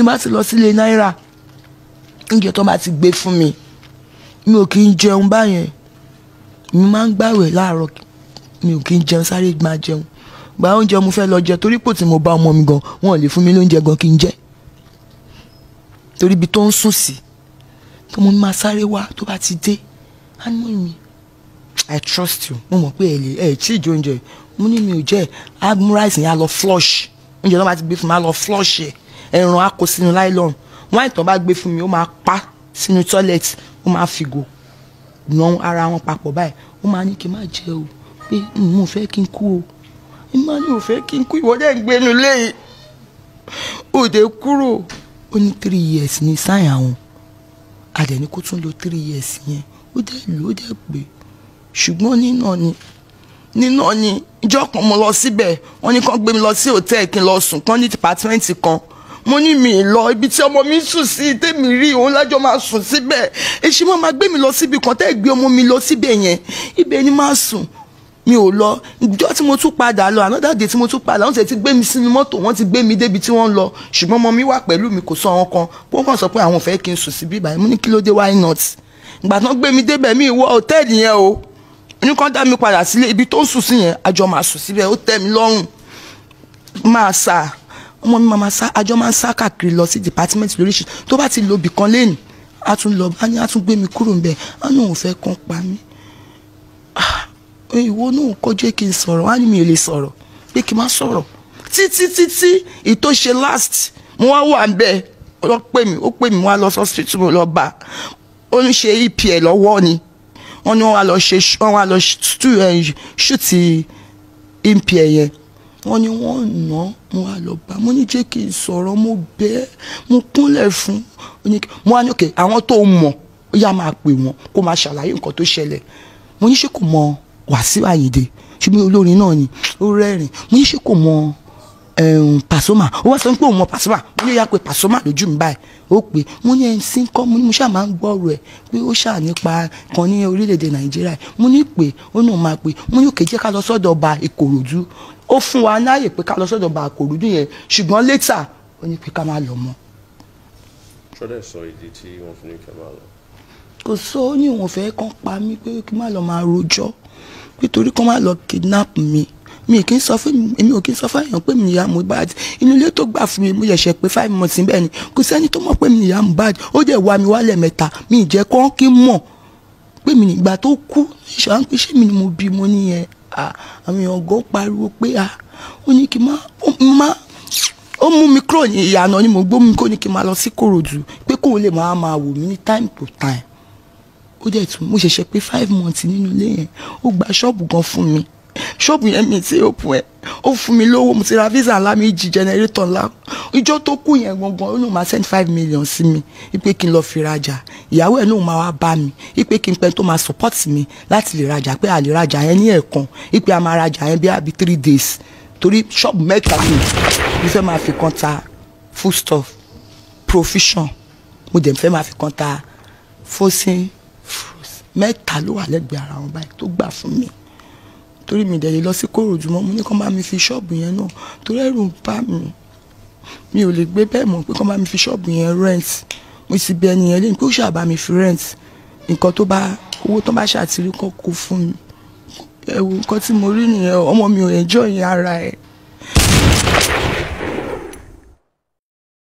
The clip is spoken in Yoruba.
tí má ti lọ sílé náírà oúnjẹ tó má ti gbé fún mi mi ò kí ń jẹun báyẹn mi máa ń gbàwẹ̀ láàárọ̀ mi ò kí ń jẹun sáré máa jẹun gba oúnjẹ mo fẹ́ lọ jẹ torí pò tí mo bá ọmọ mi gan wọn ò lè fún mi lóúnjẹ gan kí n jẹ torí ibi tó ń sùn sí tó mo máa sáré wá tó bá ti dé á ní mi i trust you mo mọ̀ pé ẹ lè ẹ tí ìjọ oúnjẹ mo ní mi ò jẹ́ amúráìsì yẹn á lọ flush oúnjẹ náà bá ti gbé fún mi á lọ flush ẹ̀ ẹran á kó sínú láìlọ́ọ̀nù wọ́n àìtàn bá gbé fún mi ó máa pa sínú tọ́lẹ̀tì ó máa fìgò nà ara wọn papọ̀ báyìí ó máa ní kí n má jẹ o pé mo fẹ́ kí n kú o ìmọ̀ ni ò fẹ́ kí n kú ìwọ dẹ̀ ń gbénu léyìí òde kúrò ó ní three years ní sáyìn àwọn àdẹ̀ni kó tún lo three years yẹn ó dẹ̀ lò ó dẹ̀ pé ṣùgbọ́n nínà ni nínà ni ìjọ kan mo lọ síbẹ̀ wọ́n ní kán gbé mi lọ sí hòtẹ́ẹ̀lì lọ sùn kán ní dìpátímẹ́ǹtì kan mo ní mi lọ ibi tí ọmọ mi sùn sí tèmi rí òun lájọ máa sùn síbẹ̀ èsì máa máa gbé mi lọ síbi kan tẹ́ gbé ọmọ mi lọ síbẹ̀ yẹn ibẹ̀ ni máa sùn mi ò lọ ìjọ́ tí mo tún padà lọ another day tí mo tún padà wọ́n ti ti gbé mi sínú mọ́tò wọ́n ti gbé mi débi tí wọ́n lọ ṣùgbọ́n ọmọ mi wà pẹ̀lú mi kò sọ àwọn kan wọ́n kàn sọ pé àwọn ò kí n sùn síbí báyìí mo ní kí ló dé why not ìgbà tí wọ́n gbé mi débẹ̀ mi ìwọ hòtẹ́ẹ̀lì yẹn o oníkan dá mi padà sílé ibi tó ń sùn sí yẹn àjọ máa sùn síbẹ̀ ó tẹ́ mi lọ́rùn máa sà ọmọ mi máa sá àjọ máa ń sá káàkiri lọ sí department lóríṣi tó bá ti lo ibì kan lẹ́nu a tún lọ bá ní a tún gbé mi kúrò níbẹ̀ a ní òun fẹ́ kan pa mí ah, ìwọ náà kọjú kí n sọ̀rọ̀ wá ní mi ò lè sọ̀rọ̀ pé kí n má sọ̀rọ̀ títí títí ìtòṣe last mo wá wà ń bẹ ọ pè mí ó pè mí wá lọ sọ́sítì mo lọ bá ó ń ṣe ep ẹ̀ lọ́wọ́ ni wọ́n ní wọ́n wá lọ ṣe wọ́n wá lọ ṣúùtì ep ẹ̀ yẹn wọ́n ní wọ́n nà án mo wá lọ bá mo ní jẹ́ kí n sọ̀rọ̀ mo bẹ́ẹ̀ mo kúnlẹ̀ fún mo wá ní òkè àwọn tó mọ̀ ó yá máa pè wọ́n kó máa ṣàlàyé nǹkan tó ṣẹlẹ̀ mo ní ṣé kò mọ Wàsíù Àyìndé ṣùgbọ́n olórin náà ni ó rẹ́rìn mo ní ṣé kò mọ Pasuma ó wá sọ pé òun mọ Pasuma mo ní ó pé Pasuma lójú mi báyìí ó pé mo ní ẹni sí kọ́ mo ní mo ṣáà máa ń gbọ́rọ̀ ẹ̀ pé ó ṣáà nípa kan ní orílẹ̀-èdè Nàìjíríà mo ní pé ó náà máa pé mo ní òkè jẹ́ ká lọ sọ́dọ̀ ọba Ìkòròdú ó fún wa láàyè pé ká lọ sọ́dọ̀ ọba Ìkòròdú yẹn ṣùgbọ́n létà ó ní pé ká má lọ mọ́. sọ́dẹ̀ sọ ìdí tí wọ́n fi ní kí a máa lọ. kò sọ ó ní òun fẹ́ kán pa mí pé kí má lọ máa rojọ́ nítorí kán má lọ kidnap mi mi kì í sọ fún mi ò kì í sọ fún èèyàn pé mi ìyá Mohbad inú ilé tó gbà fún mi mo yẹ̀ṣẹ̀ pé five months bẹ́ẹ̀ ni kò sẹ́ni tó mọ̀ pé mi ìyá Mohbad ó dẹ̀ wá mi wálẹ̀ mẹ́ta mi ìjẹ́ kọ́ kí n mọ̀ pé mi nígbà tó kú ṣáà ń pè mi ni mo bí mo níyẹn àwọn èèyàn gan pariwo pé ó ní kí n má ó mú mi kúrò ní ìyànà ni mo gbó mi kó ní kí n máa lọ sí Kòròdú pé kóun lè máa máa wò mí ní time to time ó dẹ̀ tún mo ṣẹ̀ṣẹ̀ pé five months nínú ilé yẹn ó gba ṣọ́ọ̀bù gan fún mi ṣọ́ọ̀bù yẹn mi ti òpin ẹ̀ ó fún mi lówó mo ti ra visa ńlá méjì jẹnẹrétọ̀ ńlá ìjọ tó kù yẹn gangan ó lóun máa send five million sí mi ipe kí n lọ fi rajà ìyàwó ẹ̀ lóun máa wá bá mi ipe kí n pẹ́ tó máa support mi láti lè rajà pé a lè rajà yẹn ní ẹ̀ẹ̀kan ipe a máa rajà yẹn bí àbí three days torí ṣọ́ọ̀bù mẹ́ta mi mo fẹ́ máa fi kan ta foodstuff provision mo dẹ̀ fẹ́ máa fi kan ta fosin mẹ́ta ló wà lẹ́gbẹ̀ẹ́ ara wọn báyìí tó gbà fún mi torí mi dẹ̀ lè lọ sí kòròdú mọ́ mo ní kó máa mi fi ṣọ́ọ̀bù yẹn náà torí ẹ̀rù ń bà mí mi ò lè gbé bẹ́ẹ̀ mọ̀ pé kó máa mi fi ṣọ́ọ̀bù yẹn rent mo sì bẹ ẹni yẹn lẹ́yìn pé ó ṣàbá mi fi rent nǹkan tó bá owó tó bá ṣàtìrí kọ́ kó fún mi ẹ̀wù nǹkan tí mo rí nìyẹn ọmọ mi ò enjoy ara ẹ̀.